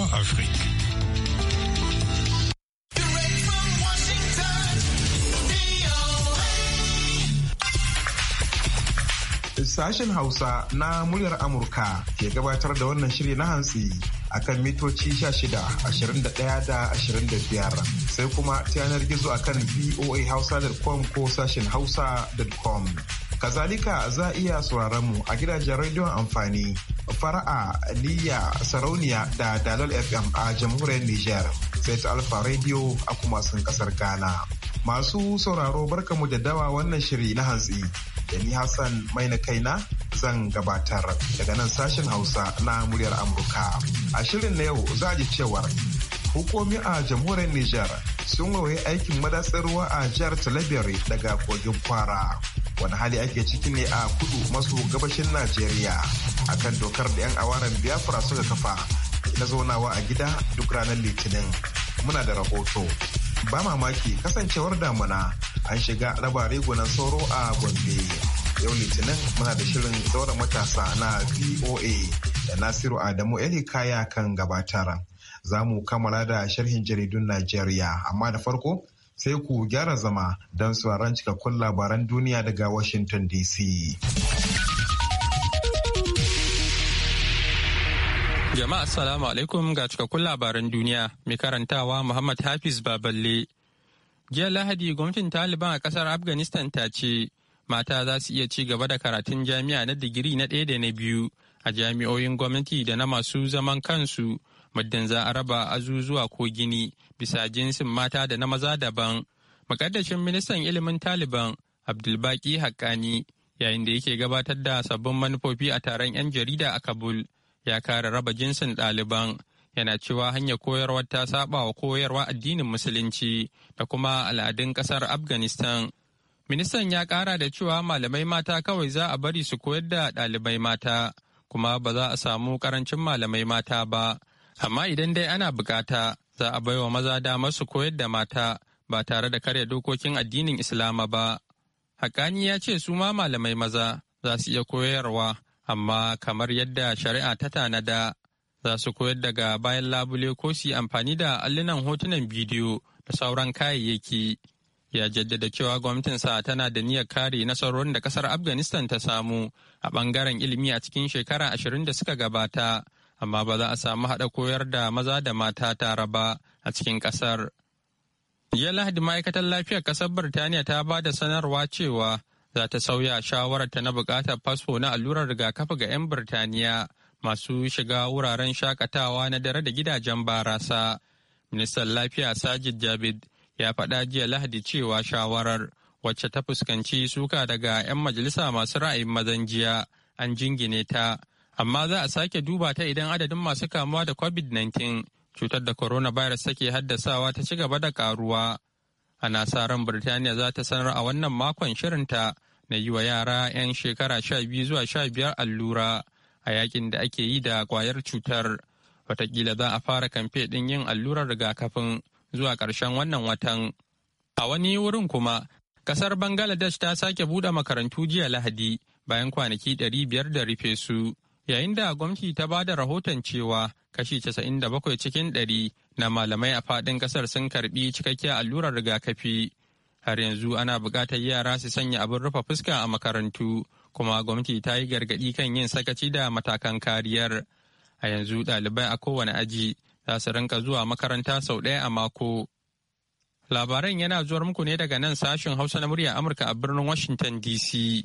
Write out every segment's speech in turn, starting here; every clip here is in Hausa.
Afrique. Sashen Hausa na muryar Amurka ke gabatar da wannan shiri na hantsi akan mitoci 16, 21 da 25 sai kuma ta yanar gizo akan voahausa.com ko sashen hausa.com. Kazalika za a iya sauraron mu a gidajen rediyon amfani fara'a niyya sarauniya da dalal fm a jamhuriyar Nijar sai ta alfa radio a kuma sun kasar Ghana. Masu sauraro barka mu da dawa wannan shiri na hantsi da ni Hassan mai na kaina zan gabatar daga nan sashen Hausa na muryar Amurka. A shirin na yau za a ji cewar hukumi a jamhuriyar Nijar sun waye aikin madatsar ruwa a jihar Talabiyar daga kogin kwara. Wani hali ake ciki ne a kudu maso gabashin Najeriya akan dokar da 'yan awaren biyafura suka kafa na zaunawa a gida duk ranar Litinin. Muna da rahoto. Ba mamaki kasancewar damuna an shiga raba rigunan sauro a Gombe. Yau Litinin muna da shirin zaura matasa na VOA da Nasiru Adamu Eli Kaya kan gabatar. za mu kammala da sharhin jaridun Najeriya. Amma da farko sai ku gyara zama don sauraron cikakkun labaran duniya daga Washington DC. Jama'a Assalamu alaikum ga cikakkun labaran duniya mai karantawa Muhammad Hafiz Baballe. Jiya Lahadi gwamnatin Taliban a kasar Afghanistan ta ce mata za su iya ci gaba da karatun jami'a na digiri na ɗaya da na biyu a jami'oyin gwamnati da na masu zaman kansu muddin za a raba azuzuwa ko gini bisa jinsin mata da na maza daban makaddashin ministan ilimin taliban abdulbaki haƙƙani yayin da yake gabatar da sabbin manufofi a taron 'yan jarida a kabul ya kare raba jinsin ɗaliban yana cewa hanyar koyarwar ta saba wa koyarwa addinin musulunci da kuma al'adun ƙasar afghanistan ministan ya ƙara da cewa malamai mata kawai za a bari su koyar da ɗalibai mata kuma ba za a samu ƙarancin malamai mata ba amma idan dai ana bukata za a baiwa maza damar su koyar da mata ba tare da karya dokokin addinin Islama ba. Hakani ya ce su ma malamai maza za su iya koyarwa, amma kamar yadda shari'a ta tanada za su koyar daga bayan labule ko su yi amfani da allunan hotunan bidiyo da sauran kayayyaki. Ya jaddada cewa gwamnatinsa tana da niyyar kare nasarorin da kasar Afghanistan ta samu a bangaren ilimi a cikin shekara ashirin da suka gabata amma ba za a samu haɗa koyar da maza da mata tare ba a cikin ƙasar. Jiya Lahadi ma'aikatar lafiyar ƙasar Birtaniya ta ba da sanarwa cewa za ta sauya shawarar ta na buƙatar fasfo na allurar rigakafi ga 'yan Birtaniya masu shiga wuraren shakatawa na dare da gidajen barasa. Ministan Lafiya Sajid Javid ya faɗa jiya Lahadi cewa shawarar wacce ta fuskanci suka daga 'yan majalisa masu ra'ayin mazan jiya an jingine ta amma za a sake duba ta idan adadin masu kamuwa da covid-19 cutar da coronavirus take haddasawa ta ci gaba da karuwa ana sa ran birtaniya za ta sanar a wannan makon shirinta na yi wa yara 'yan shekara sha zuwa sha allura a yakin da ake yi da kwayar cutar watakila za a fara kamfe din yin allurar rigakafin zuwa karshen wannan watan a wani wurin kuma kasar bangladesh ta sake buɗe makarantu jiya lahadi bayan kwanaki 500 da rufe su yayin da gwamnati ta ba da rahoton cewa kashi 97 cikin 100 na malamai a fadin kasar sun karbi cikakkiyar allurar rigakafi har yanzu ana buƙatar yara su sanya abin rufe fuska a makarantu kuma gwamnati ta yi gargaɗi kan yin sakaci da matakan kariyar a yanzu ɗalibai a kowane aji za su rinka zuwa makaranta sau ɗaya a mako labaran yana zuwar muku ne daga nan sashen hausa na murya amurka a birnin washington dc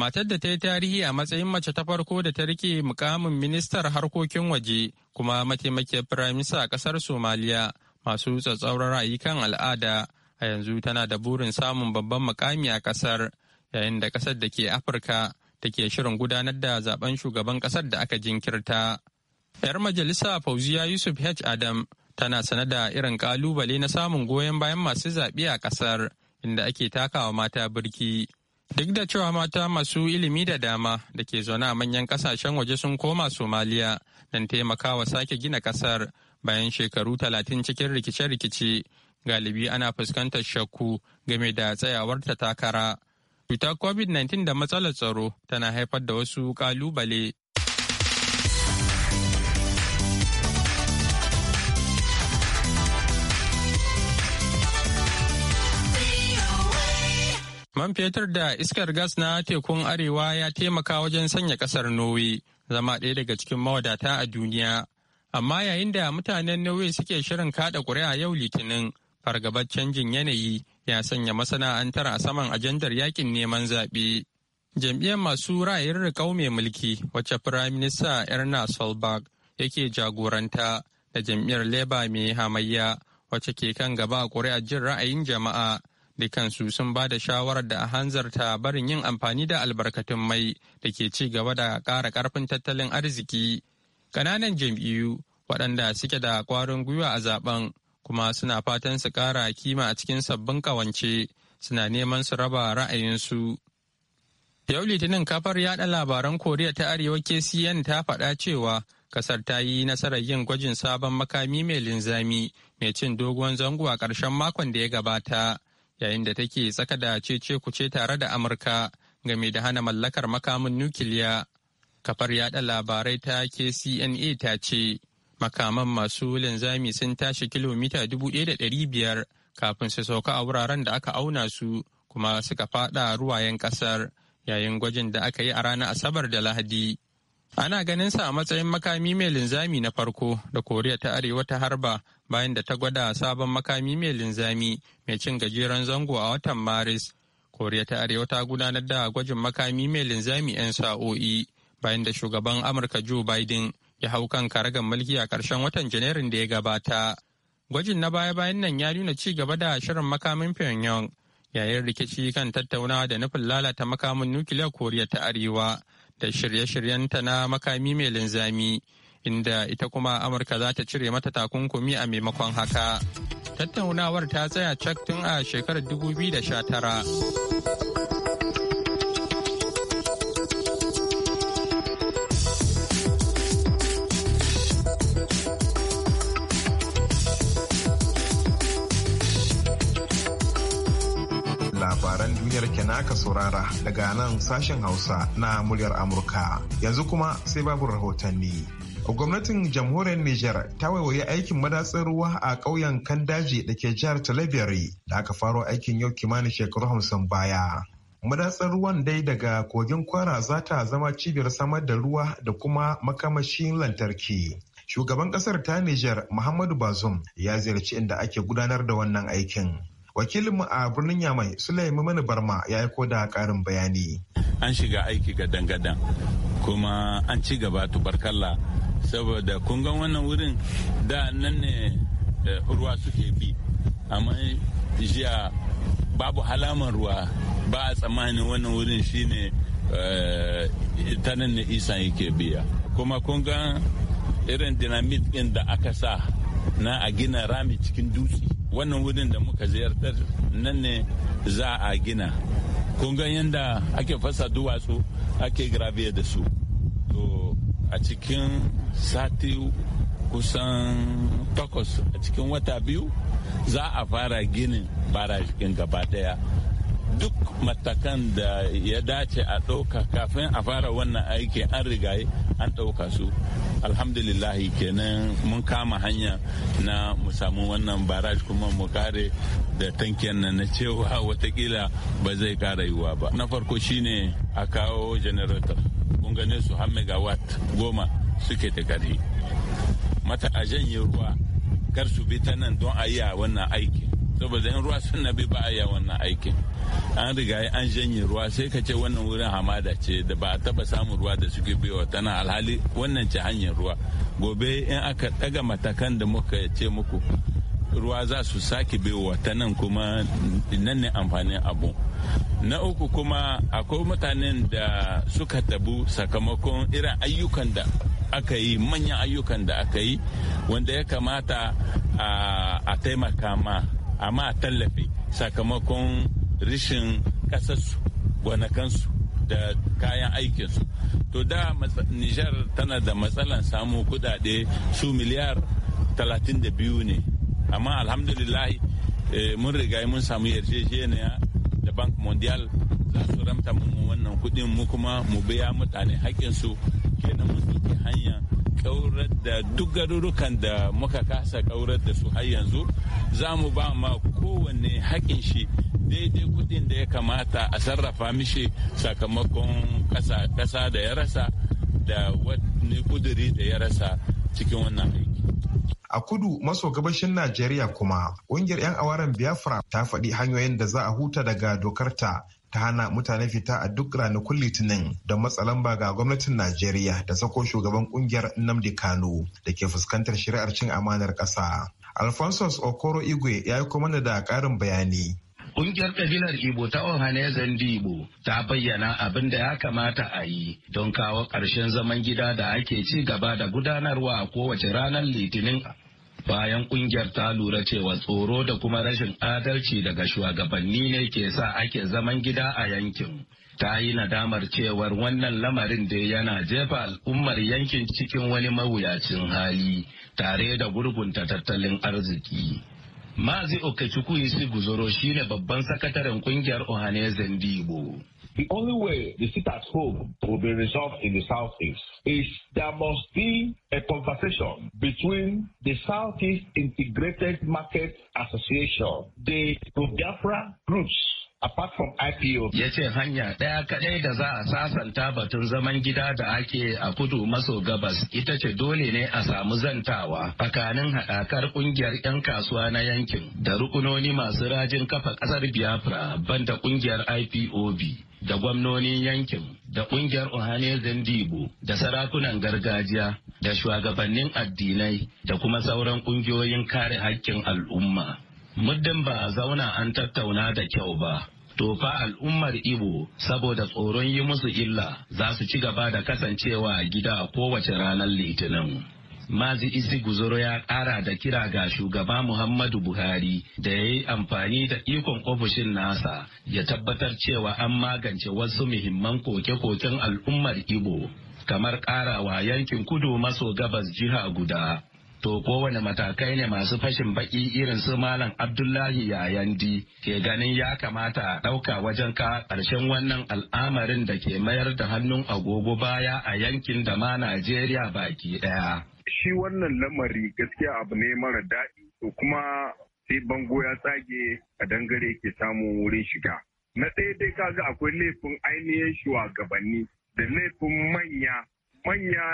matar da ta yi tarihi a matsayin mace ta farko da ta rike mukamin ministar harkokin waje kuma mataimakiyar firaminista a kasar somaliya masu tsatsauran ra'ayi kan al'ada a yanzu tana da burin samun babban mukami a kasar yayin da kasar da ke afirka ke shirin gudanar da zaben shugaban kasar da aka jinkirta yar majalisa fauziya yusuf h adam tana sanada da irin kalubale na samun goyon bayan masu zaɓe a kasar inda ake takawa mata birki Duk da cewa mata masu ilimi da dama da ke zaune a manyan kasashen waje sun koma Somaliya don taimakawa sake gina kasar bayan shekaru talatin cikin rikice-rikice galibi ana fuskantar shakku game da tsayawar ta takara. Cutar COVID-19 da matsalar tsaro tana haifar da wasu kalubale Man fetur da iskar gas na tekun Arewa ya taimaka wajen sanya kasar Norway zama ɗaya daga cikin mawadata a duniya. Amma yayin da mutanen Norway suke shirin kaɗa ƙuri'a yau Litinin, fargabar canjin yanayi ya sanya masana'antar a saman ajandar yakin neman zaɓe. Jam'iyyar masu ra'ayin riƙau mai mulki wacce Firayim Minista Erna Solberg yake jagoranta da jam'iyyar Labour mai hamayya wacce ke kan gaba a ƙuri'ar jin ra'ayin jama'a dukansu sun ba da shawarar da a hanzarta barin yin amfani da albarkatun mai da ke ci gaba da ƙara karfin tattalin arziki ƙananan jam'iyyu waɗanda suke da ƙwarin gwiwa a zaben kuma suna fatan su kara kima a cikin sabbin ƙawance suna neman su raba ra'ayinsu yau litinin kafar yada labaran koriya ta arewa kcn ta faɗa cewa kasar ta yi nasarar yin gwajin sabon makami mai linzami mai cin doguwan zango a ƙarshen makon da ya gabata yayin da take tsaka da cece kuce tare da amurka game da hana mallakar makamin nukiliya kafar yada labarai ta kcna ta ce makaman masu linzami sun tashi kilomita dubu da biyar kafin su sauka a wuraren da aka auna su kuma suka fada ruwayen kasar yayin gwajin da aka yi a ranar asabar da lahadi Ana ganin sa a matsayin makami mai linzami na farko da Koriya ta Arewa ta harba bayan da ta gwada sabon makami mai linzami mai cin gajeren zango a watan Maris. Koriya ta Arewa ta gudanar da gwajin makami mai linzami 'yan sa'o'i bayan da shugaban Amurka Joe Biden ya hau kan karagar mulki a ƙarshen watan Janairun da ya gabata. Gwajin na baya-bayan nan ya nuna ci gaba da shirin makamin Pyongyang yayin rikici kan tattaunawa da nufin lalata makamin nukiliyar Koriya ta Arewa da shirye-shiryenta na makami mai linzami inda ita kuma amurka za ta cire mata takunkumi a maimakon haka tattaunawar ta tsaya cak tun a shekarar 2019 kungiyar kenaka saurara daga nan sashen hausa na muryar amurka yanzu kuma sai babu rahotanni gwamnatin jamhuriyar Niger ta waiwayi aikin madatsar ruwa a ƙauyen Kandaji da ke jihar Talabiyari da aka faro aikin yau kimanin shekaru hamsin baya. Madatsar ruwan dai daga kogin kwara za ta zama cibiyar samar da ruwa da kuma makamashin lantarki. Shugaban ƙasar ta Nijar Muhammadu Bazum ya ziyarci inda ake gudanar da wannan aikin. wakilinmu a birnin yamai sulaiman mani barma ya yi da karin bayani an shiga aiki gadan-gadan kuma an ci gaba tubarkalla saboda kungan wannan wurin da nan ne eh, ruwa suke bi amma jiya babu halaman ruwa ba a tsammanin wannan wurin shine eh, ta nan ne isa yake biya kuma kungan irin dinamit din da aka sa na a gina rami cikin dutse wannan wurin da muka ziyartar nan ne za a gina kun ga yadda ake fasa duwatsu ake gravier da su to a cikin sati kusan takwas a cikin wata biyu za a fara ginin barajikin gaba daya duk matakan da ya dace a ɗauka kafin a fara wannan aiki an rigaye an ɗauka su alhamdulillahi kenan mun kama hanya na mu samu wannan baraj kuma mu kare da tankiyan nan na cewa watakila ba zai kara yiwuwa ba na farko shine a kawo generator kun gane su har megawatt goma suke da ƙarfi mata a janye ruwa kar su bi ta nan don a yi a wannan aiki saboda in ruwa sun nabi ba a wannan aikin an riga an janye ruwa sai ka ce wannan wurin hamada ce da ba a taba samun ruwa da suke biyo tana alhali wannan ce hanyar ruwa gobe in aka daga matakan da muka ce muku ruwa za su sake biyo ta nan kuma nan ne amfanin abu na uku kuma akwai mutanen da suka tabu sakamakon irin ayyukan da aka yi manyan ayyukan da aka yi wanda ya kamata a taimaka ma amma a tallafe sakamakon rishin ƙasarsu gwanakansu da kayan aikinsu to da nijar tana da matsalan samu kudade su miliyar 32 ne amma alhamdulillahi eh, mun riga mun samu yarjejeniya da bank mondial za su ramta mu wannan kudin mu kuma mu biya mutane haƙƙinsu kenan mun duki hanya kaurar da duk garurukan da muka kasa kaurar da su har yanzu za mu ba ma kowanne haƙin shi daidai kudin da ya kamata a sarrafa mishi sakamakon ƙasa da ya rasa da wani kuduri da ya rasa cikin wannan aiki. A kudu maso gabashin Najeriya kuma ƙungiyar 'yan awaren Biafra ta faɗi hanyoyin da za a huta daga dokarta ta hana mutane fita a duk ranakun litinin da ba ga gwamnatin najeriya da sako shugaban kungiyar nnamdi kano da ke fuskantar shari'ar cin amanar ƙasa alphonsus okoro igwe ya yi kuma da ƙarin bayani Kungiyar kabilar Igbo ta Ohane Ibo ta bayyana abin da ya kamata a yi don kawo ƙarshen zaman gida da ake ci gaba da gudanarwa kowace ranar Litinin bayan kungiyar ta lura cewa tsoro da kuma rashin adalci daga shugabanni ne ke sa ake zaman gida a yankin ta yi nadamar cewar wannan lamarin da yana jefa al'ummar yankin cikin wani mawuyacin hali tare da gurgunta tattalin arziki mazi okechukwu isi guzoro shine babban sakataren kungiyar ohanezen dibo The only way the sit at home will be resolved in the Southeast is there must be a conversation between the Southeast Integrated Market Association, the Biafra groups, apart from IPO. Ya ce hanya ɗaya kaɗai da za a sasanta batun zaman gida da ake a kudu maso gabas ita ce dole ne a samu zantawa tsakanin haɗakar ƙungiyar 'yan kasuwa na yankin da rukunoni masu rajin kafa ƙasar Biafra banda ƙungiyar IPOB. Da gwamnonin yankin, da ƙungiyar Ohane Zendibo, da sarakunan gargajiya, da shugabannin addinai, da kuma sauran ƙungiyoyin kare haƙƙin al'umma. muddin ba a zauna an tattauna da kyau ba Tofa al'ummar Ibo saboda tsoron yi musu illa za su ci gaba da kasancewa gida kowace ranar Litinin. Mazi Isi Guzoro ya kara da kira ga shugaba Muhammadu Buhari da ya yi amfani da ikon ofishin nasa ya tabbatar cewa an magance wasu muhimman koke-koken al'ummar Ibo kamar karawa yankin kudu maso gabas jiha guda To kowane matakai ne masu fashin baki irin su Malam Abdullahi Yayandi ke ganin ya kamata a ɗauka wajen ka ƙarshen wannan al'amarin da ke mayar da hannun agogo baya a yankin da ma Najeriya baki ɗaya. Shi wannan lamari gaskiya abu ne mara daɗi, to kuma sai bango ya tsage a dangare ke samun wurin shiga. Na ɗaya dai kaga akwai laifin ainihin shugabanni da laifin manya manya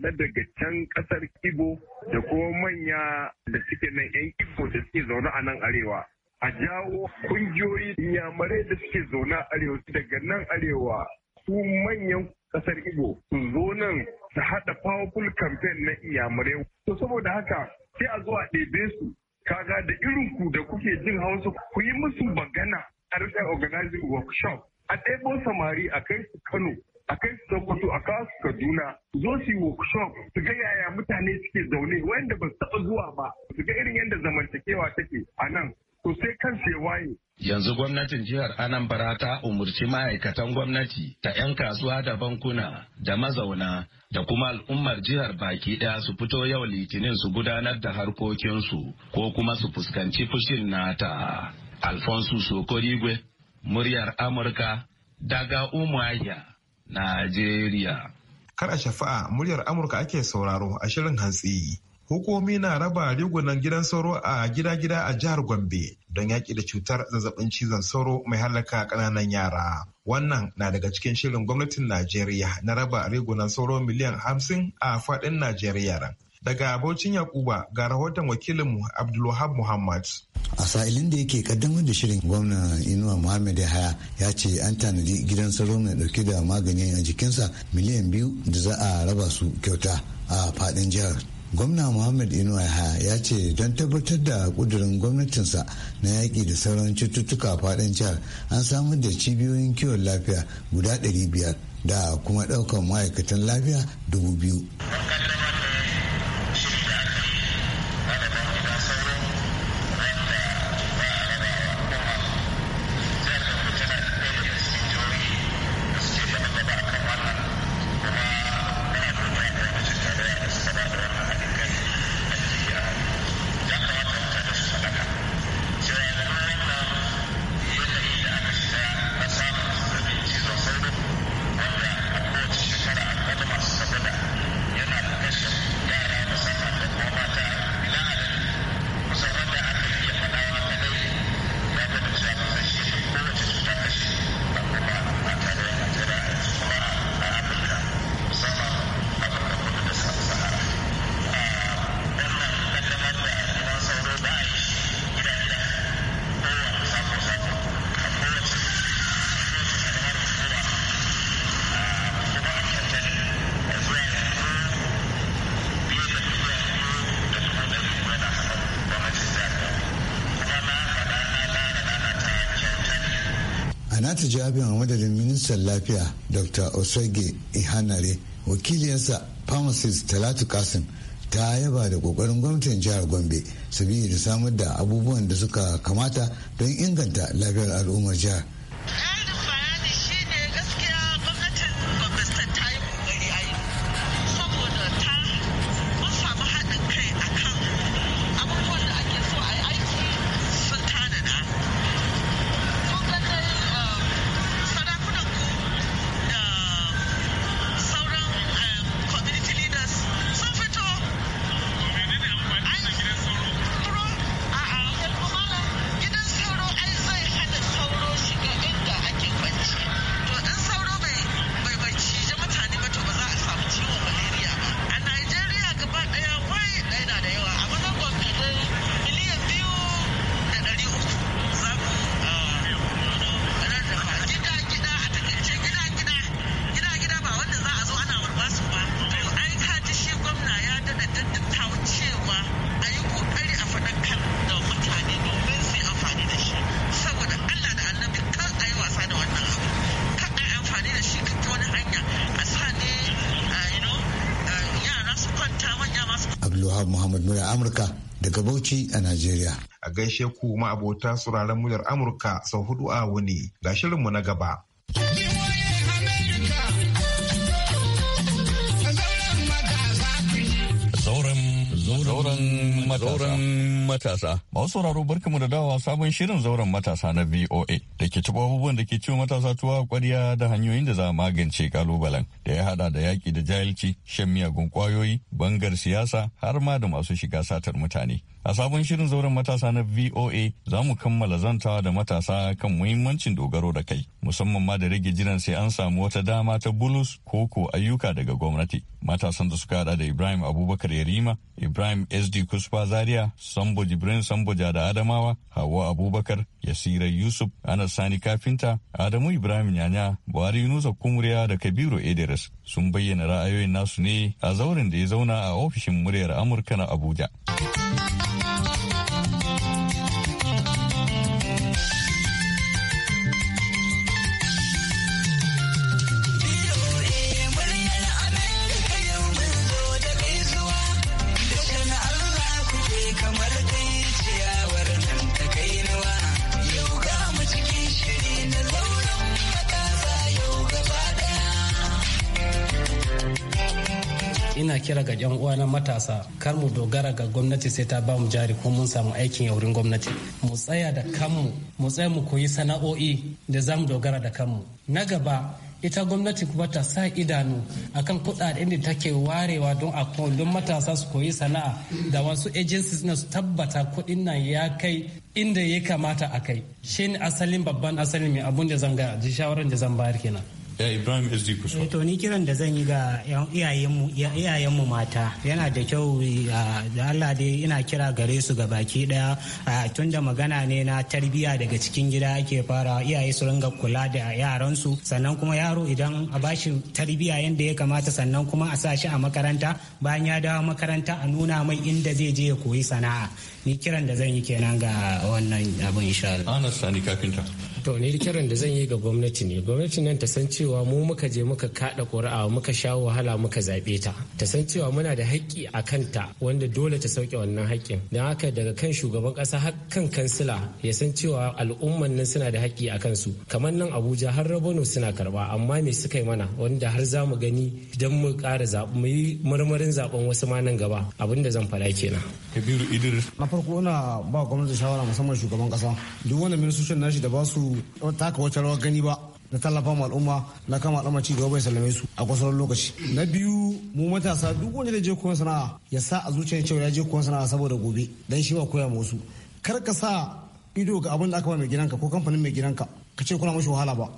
na daga can kasar Igbo da kuma manya da suke nan 'yan Igbo da suke zaune a nan arewa. A jawo kungiyoyi yamarai da suke zaune arewa daga nan arewa su manyan kasar Igbo su zo nan su haɗa powerful campaign na iyamarai. To saboda haka sai a zo a ɗebe su kaga da irin ku da kuke jin hausa ku yi musu magana a rika organizing workshop a ɗebo samari a kai su Kano a kai su sokoto a kawo su kaduna zo su yi workshop su ga yaya mutane suke zaune wanda ba su taɓa zuwa ba su ga irin yadda zamantakewa take a nan to sai kansu ya waye Yanzu gwamnatin jihar Anambra ta umarci ma'aikatan gwamnati ta 'yan kasuwa da bankuna da mazauna da kuma al'ummar jihar baki daya su fito yau litinin su gudanar da harkokinsu ko kuma su fuskanci fushin nata. Alfonso Sokorigwe, muryar Amurka, daga Umuahia, Najeriya. Kar a shafa'a muryar Amurka ake sauraro a shirin hantsi. Hukumi na raba rigunan gidan sauro a gida-gida a jihar Gombe don yaƙi da cutar zazzabin cizon sauro mai halaka ƙananan yara. Wannan na daga cikin shirin gwamnatin Najeriya na raba rigunan sauro miliyan hamsin a faɗin Najeriya. Daga abocin Yakuba ga rahoton wakilinmu Abdulwahab Muhammad. A sa'ilin da yake kaddamar da shirin gwamna Inuwa Muhammad ya haya ya ce an tanadi gidan sauro mai dauke da maganin a jikinsa miliyan biyu da za a raba su kyauta a fadin jihar. Gwamna Muhammad Inuwa haya ya ce don tabbatar da kudurin gwamnatinsa na yaƙi da sauran cututtuka a fadin jihar an samar da cibiyoyin kiwon lafiya guda 500 da kuma ɗaukar ma'aikatan lafiya 2000. nata jawabin a madadin ministan lafiya dr osage ihanare wakiliyarsa pharmacist talatu kasim ta yaba da kokarin gwamnatin jihar gombe su biyu da samar da abubuwan da suka kamata don inganta lafiyar al'ummar jihar Abdulwahab Muhammad Murya Amurka daga Bauchi a Najeriya. A gaishe ku ma abota suraren muryar Amurka sau hudu a wuni ga shirinmu na gaba. Zauren matasa. Masu sauraro barkamu da dawa sabon shirin zauren matasa na VOA da ke tuba abubuwan da ke ciwo matasa tuwa kwarya da hanyoyin da za a magance kalubalen da ya hada da yaki da jahilci, shan miyagun kwayoyi bangar siyasa har ma da masu shiga satar mutane. A sabon shirin zauren matasa na VOA za mu kammala zantawa da matasa kan muhimmancin dogaro da kai, musamman ma da rage jiran sai an samu wata dama ta bulus ko ko ayyuka daga gwamnati. Matasan da suka hada da Ibrahim Abubakar Yarima, Ibrahim SD Kuspa Zaria, Sambo Sambo Jibrin Samboja da Adamawa, Hawa Abubakar, Yasira Yusuf, Anas Sani Kafinta, Adamu Ibrahim Yanya, Buhari Yunusa Kumuriya da Kabiru Ederes sun bayyana ra'ayoyin nasu ne a zauren da ya zauna a ofishin muryar Amurka na Abuja. ina kira ga yan uwa matasa kar mu dogara ga gwamnati sai ta ba mu jari ko mun samu aikin yaurin gwamnati mu tsaya da kanmu mu tsaya mu koyi sana'o'i da za mu dogara da kanmu na gaba ita gwamnati kuma ta sa idanu akan kudaden da take warewa don a don matasa su koyi sana'a da wasu agencies na su tabbata kudin nan ya kai inda ya kamata a kai shi ne asalin babban asalin mai abun da zan ga shawaran da zan bayar kenan ya ibrahim sd kusa eh, to ni kiran da zan yi ga iyayenmu mata yana da kyau da allah dai ina kira gare su ga baki daya tun da magana ne na tarbiyya daga cikin gida ake fara iyaye su ringa kula da yaransu sannan kuma yaro idan a bashi tarbiyya yadda ya kamata sannan kuma a sa shi a makaranta bayan ya dawo makaranta a nuna mai inda zai je ya koyi sana'a ni kiran da zan yi kenan ga wannan abin insha Allah. Sani Kafinta. to ni kiran da zan yi ga gwamnati ne gwamnati nan ta san cewa mu muka je muka kada ƙuri'a muka sha wahala muka zaɓe ta ta san cewa muna da haƙƙi a kanta wanda dole ta sauke wannan haƙƙin don haka daga kan shugaban ƙasa har kan kansila ya san cewa al'umman nan suna da haƙƙi a kansu kamar nan abuja har rabono suna karba amma me suka yi mana wanda har za mu gani don mu ƙara zaɓi mu yi marmarin zaɓen wasu ma nan gaba abin da zan faɗa kenan. kabiru idris na farko ina ba gwamnati shawara musamman shugaban ƙasa duk wanda ministocin nashi da ba su ta taka wata rawar gani ba na tallafawa al'umma na kama al'umma ci gaba bai sallame su a kusan lokaci na biyu mu matasa duk wanda da je koyon sana'a ya sa a zuciya cewa ya je koyon sana'a saboda gobe dan shi ba koya ma wasu kar ka sa ido ga abin da aka ba mai gidanka ko kamfanin mai gidanka ka ce kuna mashi wahala ba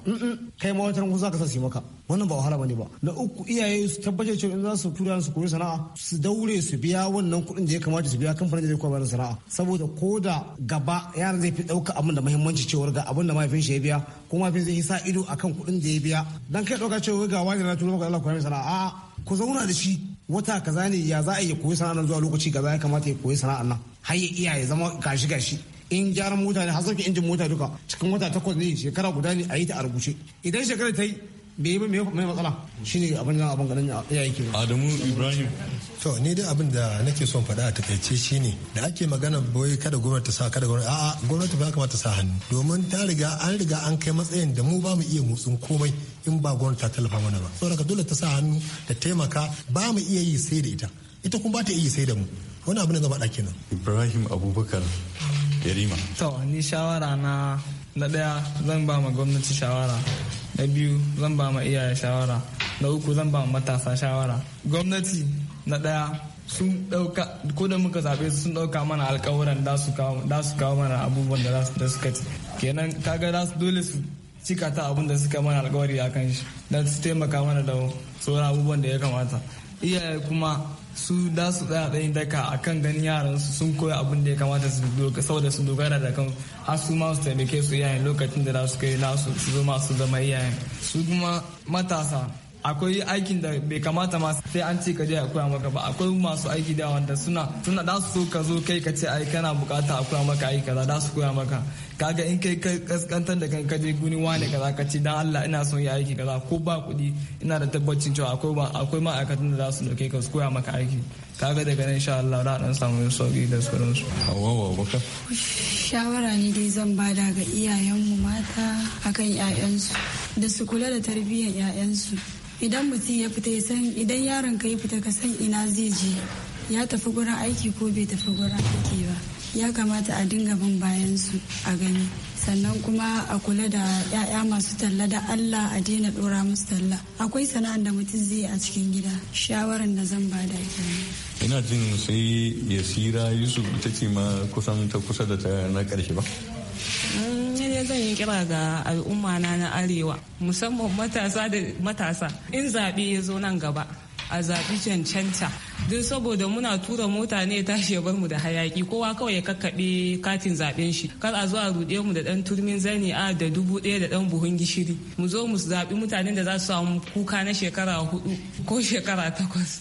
kai ma wata kusa za ka sasi maka wannan ba wahala bane ba na uku iyaye su tabbatar cewa in za su tura su koyi sana'a su daure su biya wannan kuɗin da ya kamata su biya kamfanin da zai kuma da sana'a saboda ko da gaba yaran zai fi ɗauka abin da muhimmanci cewar ga abin da mahaifin shi ya biya ko mahaifin zai sa ido akan kuɗin da ya biya dan kai ɗauka cewa ga wani na tura maka Allah koya sana'a ku zauna da shi wata kaza ne ya za a iya koyi sana'a zuwa lokaci kaza ya kamata ya koyi sana'a nan har ya iya ya zama gashi gashi in gyaran mota ne hasarki injin mota duka cikin wata takwas ne shekara guda ne a yi ta a rubuce idan shekara ta yi bai yi mai matsala shine abin da abin ganin ya yake Adamu Ibrahim to ni dai abin da nake son faɗa a takaice shine da ake magana boye kada gwamnati sa kada gwamnati a'a gwamnati ba kamata sa hannu domin ta riga an riga an kai matsayin da mu ba mu iya motsin komai in ba gwamnati ta tallafa mana ba saboda dole ta sa hannu da taimaka ba mu iya yi sai da ita ita kuma ba ta iya sai da mu wani abu ne gaba ɗaki nan. Ibrahim Abubakar yarima to ni shawara na na daya zan ba ma gwamnati shawara na biyu zan ba ma iyaye shawara na uku zan ba ma matasa shawara gwamnati na daya sun dauka ko da muka zabe su sun dauka mana alkawuran da su kawo mana abubuwan da suka ci kenan kaga da su dole su cika ta abun da suka mana alkawari a kan shi don su taimaka mana da sauran abubuwan da ya kamata iyaye kuma su da su tsaya tsayin daka a kan ganin yaran su sun koya abin da ya kamata su saboda su dogara da kan har su ma su taimake su iyayen lokacin da za su kai nasu su zo masu zama iyayen su kuma matasa akwai aikin da bai kamata ma sai an ce ka je a koya maka ba akwai masu aiki da wanda suna suna da su ka zo kai ka ce ai kana bukata a koya maka aiki kaza da su koya maka kaga in kai kaskantar da kanka je guni wani kaza ka ce dan Allah ina son yi aiki kaza ko ba kuɗi ina da tabbacin cewa akwai ba akwai ma'aikatan da za su dauke ka su koya maka aiki kaga daga nan insha Allah a dan samu sauki da sauransu awwa baka shawara ne dai zan bada ga iyayenmu mata akan 'ya'yansu da su kula da tarbiyyar 'ya'yansu idan mutum ya fita ya san idan yaron ka ya fita ka san ina zai je ya tafi gurin aiki ko bai tafi gurin aiki ba ya kamata a dinga bin bayan su a gani sannan kuma a kula da 'ya'ya masu talla da Allah a daina dora musu talla akwai sana'ar da mutum zai a cikin gida shawaran da zan ba da ina jin sai yasira yusuf ita ce ma kusan ta kusa da ta na karshe ba ne zan yi kira ga al'umma na na arewa musamman matasa da matasa in zaɓe ya zo nan gaba a zaɓi cancanta don saboda muna tura mota ne tashi ya bar mu da hayaki kowa kawai ya kakkaɓe katin zaɓen shi kar a zo a ruɗe mu da ɗan turmin zani a da dubu ɗaya da ɗan buhun gishiri mu zo mu zaɓi mutanen da za su samu kuka na shekara hudu ko shekara takwas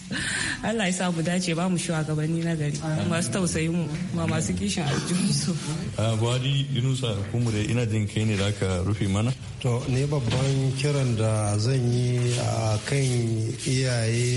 Allah ya sa mu dace ba mu shugabanni na gari masu tausayin mu ba masu kishin aljihunsu. Buhari Yunusa kuma da ina jin kai ne da aka rufe mana. To ne babban kiran da zan yi a kan iyaye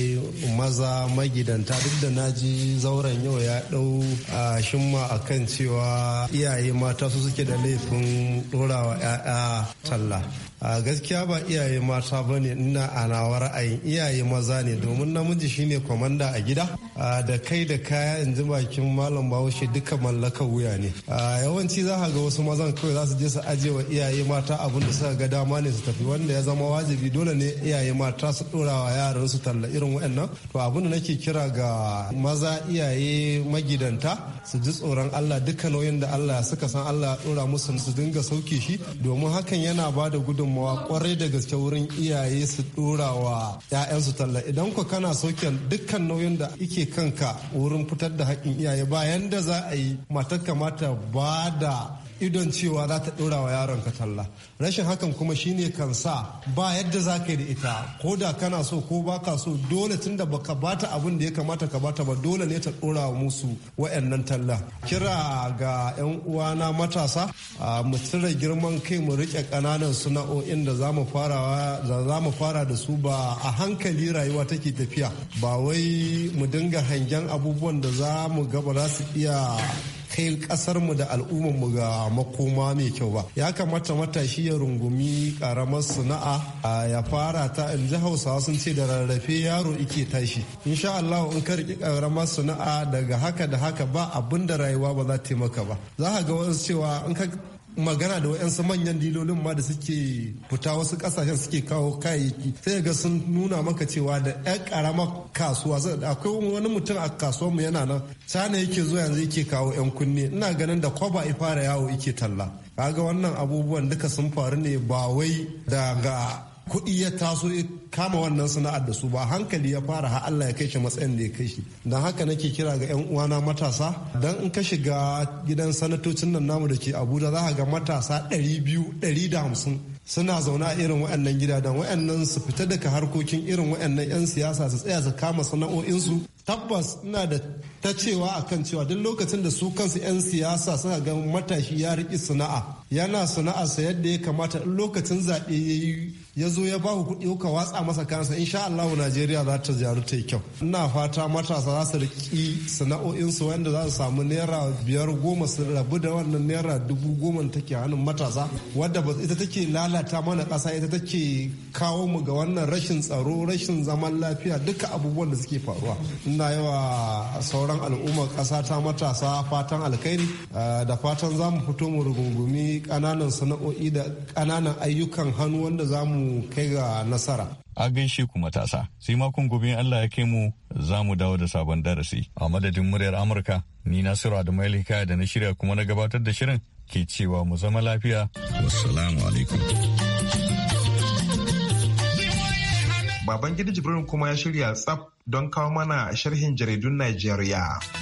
maza magidanta duk da na ji zauren yau ya ɗau a shimma a kan cewa iyaye mata su suke da laifin ɗorawa 'ya'ya talla a gaskiya ba iyaye mata ba ne ina anawa ra'ayin iyaye maza ne domin namiji shine kwamanda a gida da kai da kaya in ji bakin malam bahaushe duka mallaka wuya ne yawanci za ka ga wasu mazan kawai za su je su aje wa iyaye mata abin da suka ga dama ne su tafi wanda ya zama wajibi dole ne iyaye mata su dora wa yaran su talla irin waɗannan to abin da nake kira ga maza iyaye magidanta su ji tsoron Allah duka nauyin da Allah suka san Allah ya dora musu su dinga sauke shi domin hakan yana ba da gudun gudunmawa kwarai da gaske wurin iyaye su dora wa 'ya'yansu talla idan ku kana soke dukkan nauyin da ike kanka wurin fitar da haƙƙin iyaye bayan da za a yi matar kamata ba da idon cewa za ta ɗora wa yaron ka talla rashin hakan kuma shine kan sa ba yadda za ka yi da ita ko da kana so ko ba ka so dole tun da baka bata abin da ya kamata ka bata ba dole ne ta ɗora musu wa'annan talla kira ga 'yan uwana matasa mu cire girman kai mu rike ƙananan sana'o'in da za mu fara da su ba a hankali rayuwa take tafiya ba wai mu dinga hangen abubuwan da za mu gaba za su iya kai mu da mu ga makoma mai kyau ba ya kamata matashi ya rungumi karamar sana'a ya fara ta in ji hausawa sun ce da rarrafe yaro ike tashi insha Allah in ka karamar sana'a daga haka da haka ba abin da rayuwa ba za ta maka ba za ka ga wasu cewa in ka magana da wa'yansu manyan dilolin ma da suke fita wasu kasashen suke kawo kayayyaki sai ga sun nuna maka cewa da yan karama kasuwa akwai wani mutum a kasuwar mu yana nan cana yake zuwa yanzu yake kawo yan kunne ina ganin da kwaba ya fara yawo yake talla kaga wannan abubuwan duka sun faru ne ba wai daga kuɗi ya taso ya kama wannan sana'ar da su ba hankali ya fara har Allah ya kai shi matsayin da ya kai shi don haka nake kira ga yan uwana matasa don in ka shiga gidan sanatocin nan namu da ke Abuja za ka ga matasa biyu ɗari ɗari da hamsin. suna zaune a irin waɗannan gidajen waɗannan su fita daga harkokin irin waɗannan 'yan siyasa su tsaya su kama sana'o'insu tabbas ina da ta cewa a kan cewa duk lokacin da su kansu 'yan siyasa suna ga matashi ya riƙi sana'a yana sana'a sa yadda ya kamata in lokacin zaɓe ya yi ya zo ya ba ku kuɗi kuka watsa masa kansa insha Allah Najeriya za ta jaru ta kyau ina fata matasa za su riki sana'o'insu wanda za su samu naira biyar goma su rabu da wannan naira dubu goma da take hannun matasa wadda ba ita take lalata mana ƙasa ita take kawo mu ga wannan rashin tsaro rashin zaman lafiya duka abubuwan da suke faruwa ina yawa sauran al'ummar ƙasa ta matasa fatan alkhairi eh, da fatan za mu fito mu rugungumi ƙananan sana'o'i da ƙananan ayyukan hannu wanda za mu kai ga nasara. A gaishe ku matasa, sai makon gobe Allah ya kai mu za mu dawo da sabon darasi. A madadin muryar Amurka, ni Nasiru Adamu kaya da na shirya kuma na gabatar da shirin ke cewa mu zama lafiya. Wassalamu alaikum. Baban gida Jibrin kuma ya shirya tsaf don kawo mana sharhin jaridun Najeriya.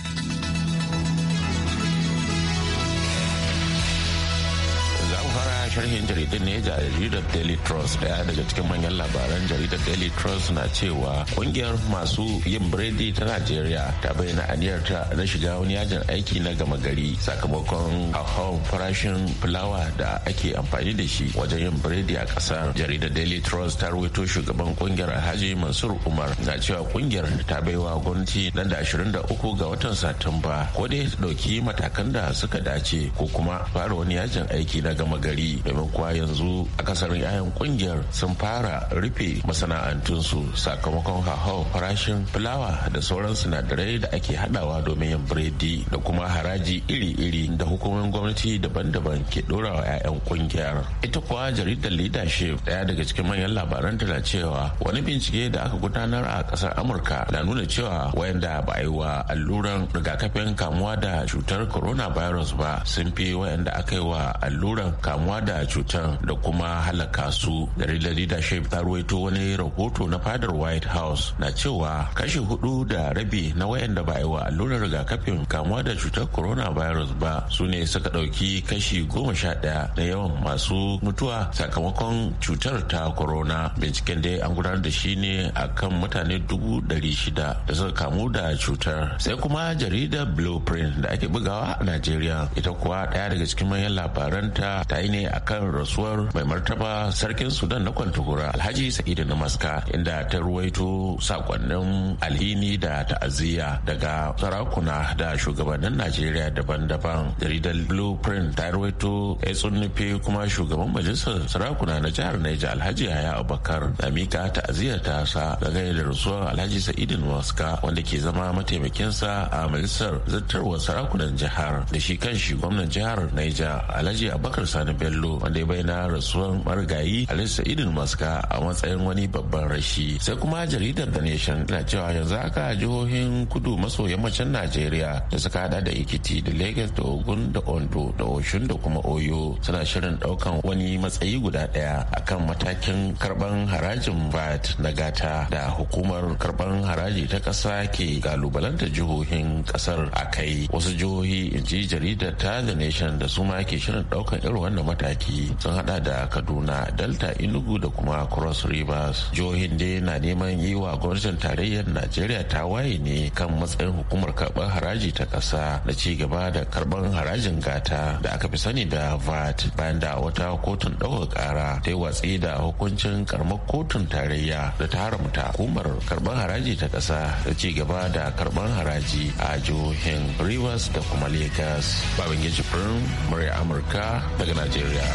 sharhin jaridar ne ga jaridar daily trust daya daga cikin manyan labaran jaridar daily trust na cewa kungiyar masu yin biredi ta najeriya ta bayyana aniyarta na shiga wani yajin aiki na gama gari sakamakon hauhawar farashin fulawa da ake amfani da shi wajen yin biredi a kasar jaridar daily trust ta ruwaito shugaban kungiyar alhaji mansur umar na cewa kungiyar ta baiwa gwamnati nan da 23 ga watan satumba ko dai dauki matakan da suka dace ko kuma fara wani yajin aiki na gama gari domin kuwa yanzu akasarin 'ya'yan kungiyar sun fara rufe masana'antunsu sakamakon hauhawar farashin fulawa da sauran sinadarai da ake hadawa domin yin biredi da kuma haraji iri-iri da hukumomin gwamnati daban-daban ke dorawa 'ya'yan kungiyar ita kuwa jaridar leadership daya daga cikin manyan labaran tana cewa wani bincike da aka gudanar a kasar amurka na nuna cewa wayanda ba a yi wa alluran rigakafin kamuwa da cutar coronavirus ba sun fi wayanda aka yi wa alluran kamuwa da da cutar da kuma halaka su da leadership ta ruwaito wani rahoto na fadar white house na cewa kashi hudu da rabi na wayanda ba a yi wa allurar rigakafin kamuwa da cutar coronavirus ba su ne suka ɗauki kashi goma sha ɗaya na yawan masu mutuwa sakamakon cutar ta corona binciken dai an gudanar da shi ne akan mutane dubu dari shida da suka kamu da cutar sai kuma jaridar blueprint da ake bugawa a najeriya ita kuwa ɗaya daga cikin manyan labaranta ta yi ne a kan rasuwar mai martaba sarkin sudan na kwantagora alhaji sa'idu na maska inda ta ruwaito sakonnin alhini da ta'aziyya daga sarakuna da shugabannin najeriya daban-daban jaridar blueprint ta ruwaito ya tsunnufe kuma shugaban majalisar sarakuna na jihar naija alhaji yaya abubakar na mika ta'aziyya ta sa dangane da rasuwar alhaji sa'idu na maska wanda ke zama mataimakinsa a majalisar zartarwar sarakunan jihar da shi kan shi gwamnan jihar naija alhaji abubakar sani bello bello wanda ya bayyana rasuwan marigayi lissa idin maska a matsayin wani babban rashi sai kuma jaridar the nation na cewa yanzu haka jihohin kudu maso yammacin najeriya da suka hada da ikiti da lagos da ogun da ondo da oshun da kuma oyo suna shirin daukan wani matsayi guda daya akan matakin karban harajin vat na gata da hukumar karban haraji ta kasa ke kalubalantar jihohin kasar a kai wasu jihohi in ji jaridar ta the nation da su ma ke shirin daukan irin wannan mataki mataki sun hada da kaduna delta inugu da kuma cross rivers jihohin dai na neman yi wa gwamnatin tarayyar najeriya ta waye ne kan matsayin hukumar karban haraji ta kasa da ci gaba da karban harajin gata da aka fi sani da vat bayan da wata kotun ɗaukar kara ta yi watsi da hukuncin karamar kotun tarayya da ta haramta hukumar karban haraji ta kasa da ci gaba da karban haraji a jihohin rivers da kuma lagos babangin firin murya amurka daga najeriya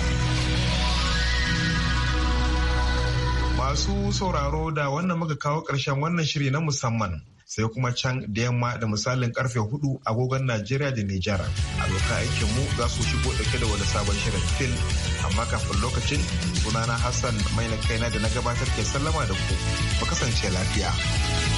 Masu sauraro da wannan muka kawo ƙarshen wannan shiri na musamman sai kuma can da yamma da misalin karfe hudu agogon Najeriya da Nijar. Abokan aikin mu za su shigo dauke da wani sabon shirin fil amma kafin lokacin sunana Hassan mai na kaina da na gabatar ke sallama da ku. Ku kasance lafiya.